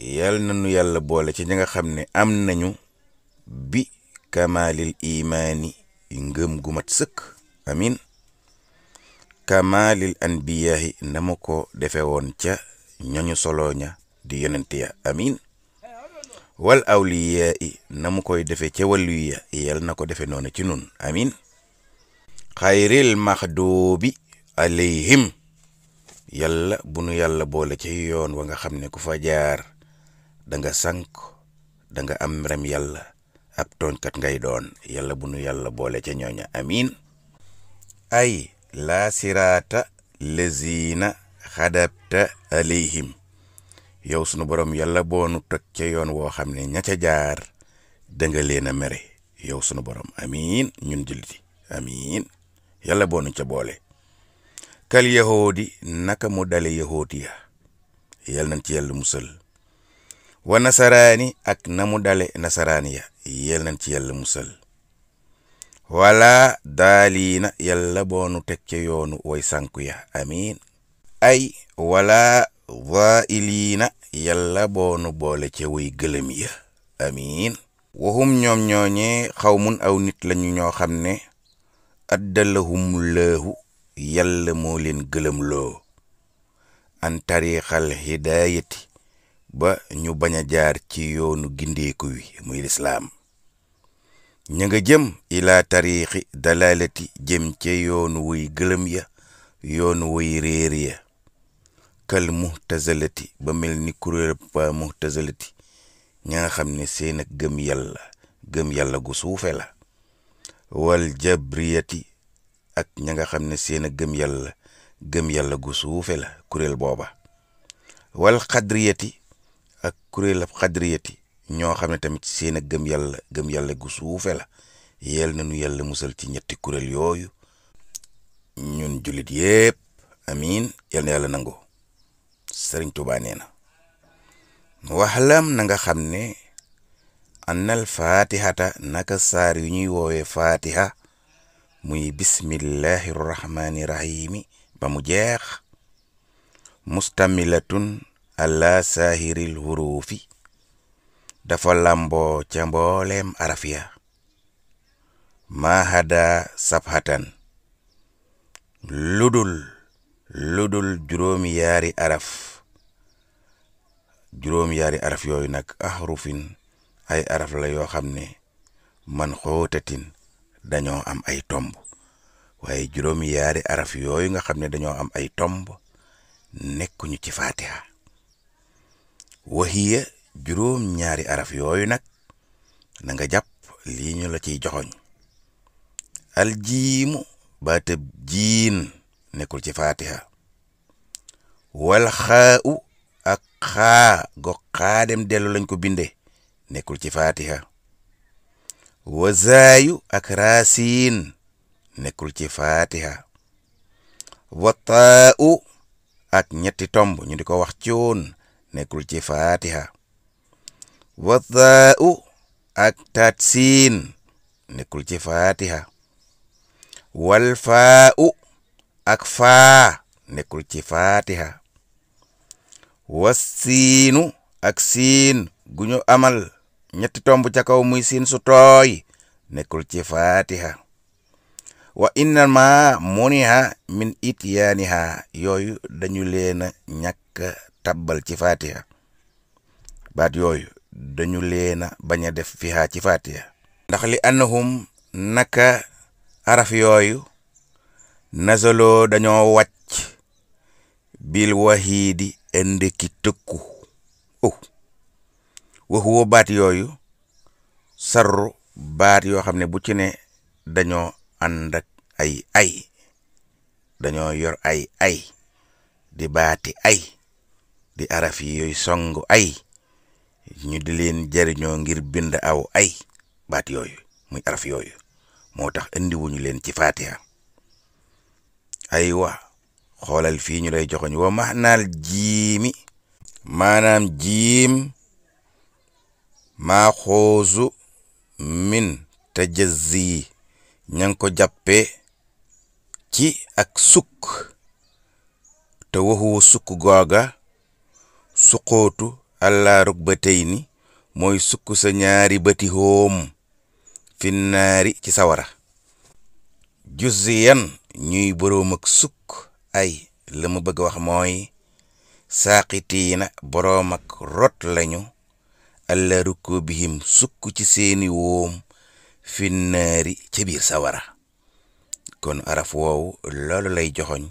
yal nañu yàlla boole ci ñi xam ne am nañu bi kamaalil imaani ngëm gu mat sëkk amin kamaalil anbiyaahi na ma ko defe woon ca ñoñu solo ña di yonent amin wal awliyaa na mu koy defe ca wàllu ya yal na ko defe noonu ci nun amin xayril maxduubi alayhim yàlla bu nu yàlla boole ci yoon wa nga xam ne ku fa danga nga danga da nga am rem yàlla ab tooñkat ngay doon yàlla bu nu yàlla boole ca ñooña amin ay laa siraata lazina xadabta alayhim yow sunu borom yàlla boonu teg ca yoon woo xam ne ña jaar danga nga leen a yow sunu borom amin ñun julliti amin yàlla boonu ca boole kal yahoodi naka mu dale yahooti ya yàlla nañ ci yàlla musal wa nasaraani ak namu mu dale nasaraani ya yel nañ ci yàlla musal wala daaliina yàlla boonu teg ca yoonu way sànku ya amiin ay wala vailiina yàlla boonu boole ca way gëlëm ya amiin waxum ñoom ñooñee xaw mun aw nit lañu ñoo xam ne addalahum laahu yàlla moo leen gëlëm loo an tariqal hidayati ba ñu bañ a jaar ci yoonu gindeeku wi muy lislaam ña nga jëm ilaa tariixi dalalati jëm ca yoonu wuy gëlëm ya yoonu wuy réer ya kal muhtazalati ba mel ni kuréel ba muhtazalati ña xam ne seen ak gëm yàlla gëm yàlla gu suufe la wal jabriyati ak ña nga xam ne seen gëm yàlla gëm yàlla gu suufe la kuréel booba wal xadriyati ak kuréel ab xadriyati ñoo xam ne tamit seen a gëm yàlla gëm yàlla gu suufe la yeel nañu yàlla musal ci ñetti kuréel yooyu ñun jullit yépp amiin yal na yàlla nangoo sëriñ Tuubaa nee nanga waxlam na nga xam ne annal fatihata naka saar yu ñuy woowee fatiha muy bismillahi rahmaani rahimi ba mu jeex mustamilatun ala saahiril hurufi dafa lambo ca mbooleem araf ya mahada sabhatan ludul ludul juróomi yaari araf juróomi yaari araf yooyu nag rufin ay araf la yoo xam ne man xóotatin dañoo am ay tomb waaye juróomi yaari araf yooyu nga xam ne dañoo am ay tomb nekkuñu ci fatiha wahiya juróom ñaari araf yooyu nag na nga jàpp lii la ciy joxoñ aljiimu baatab jiin nekkul ci fatiha wal xaa ak xaa go xaadem dellu lañ ko binde nekkul ci fatiha wazaayu ak raasiin nekkul ci fatiha wataa u ak ñetti tomb ñu di ko wax ci nekkul ci fatiha wathaa'u ak taat siin nekkul ci fatiha walfaa'u ak faa nekkul ci fatiha wassiinu ak siin guñu amal ñetti tomb ca kaw muy siin su tooy nekkul ci fatiha wa innama muniha min ityaaniha yooyu dañu leen a ñàkk tabal ci fatiha baat yooyu dañu leen a bañ a def fiha ci fatiha ndax li annahum naka araf yooyu nazaloo dañoo wàcc bil wahiidi indi ki tëkku oh waxuwa baat yooyu sarru baat yoo xam ne bu ci ne dañoo ànd ay ay dañoo yor ay ay di baati ay di araf yi yooyu song ay ñu di leen jariñoo ngir bind aw ay baat yooyu muy araf yooyu moo tax indi wuñu leen ci fatiha aywa xoolal fii ñu lay joxoñ wa maxnaal jiimi maanaam jiim maa xoosu min tajazzi ña ngi ko jàppee ci ak sukk te waxu sukk googa suqootu àllaa rukbatayni mooy sukk sa ñaari bëti hóom finnaari ci sawara juziyan ñuy boroom ak sukk ay la mu bëgg wax mooy saaqitiina boroom ak rot lañu àlla rukko bihim sukk ci seeni wóom finnaari ca biir sawara kon araf woowu loolu lay joxoñ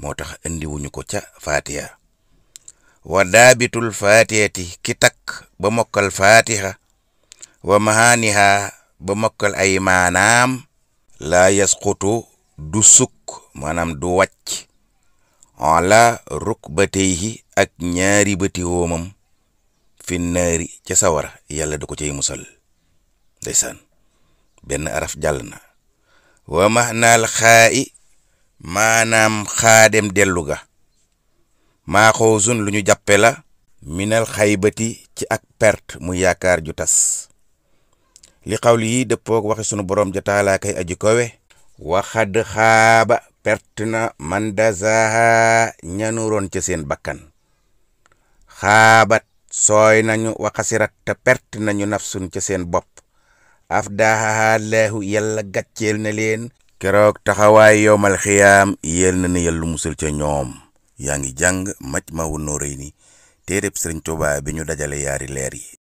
moo tax indiwuñu ko ca fatiha wa daabitul fatihati ki takk ba mokkal fatiha wa mahaaniha ba mokkal ay maanaam laa yasqutu du sukk maanaam du wàcc ala rukbatayhi ak ñaari bëti woomam fi ca sawara yàlla du ko cay musal ndeysaan benn araf jàll na wa mahnaal xaa'i maanaam xaadem dellu ga maa xawsun lu ñu jàppe la minal xaybati ci ak pert mu yaakaar ju tas li xaw lii dëppook waxe sunu borom ja taalaa kay aji kowe waxad xaaba pert na man dazaha ñanuroon ca seen bakkan xaabat sooy nañu waxasirat te perte nañu nafsun ca seen bopp afdahaha laahu yàlla gàcceel na leen keroog taxawaay yowmal xiyaam yéel na ne yàlla musal ca ñoom yaa ngi jàng Majmahun Nurayni téereb Sëriñ Tuubaa bi ñu dajale yaari leer yi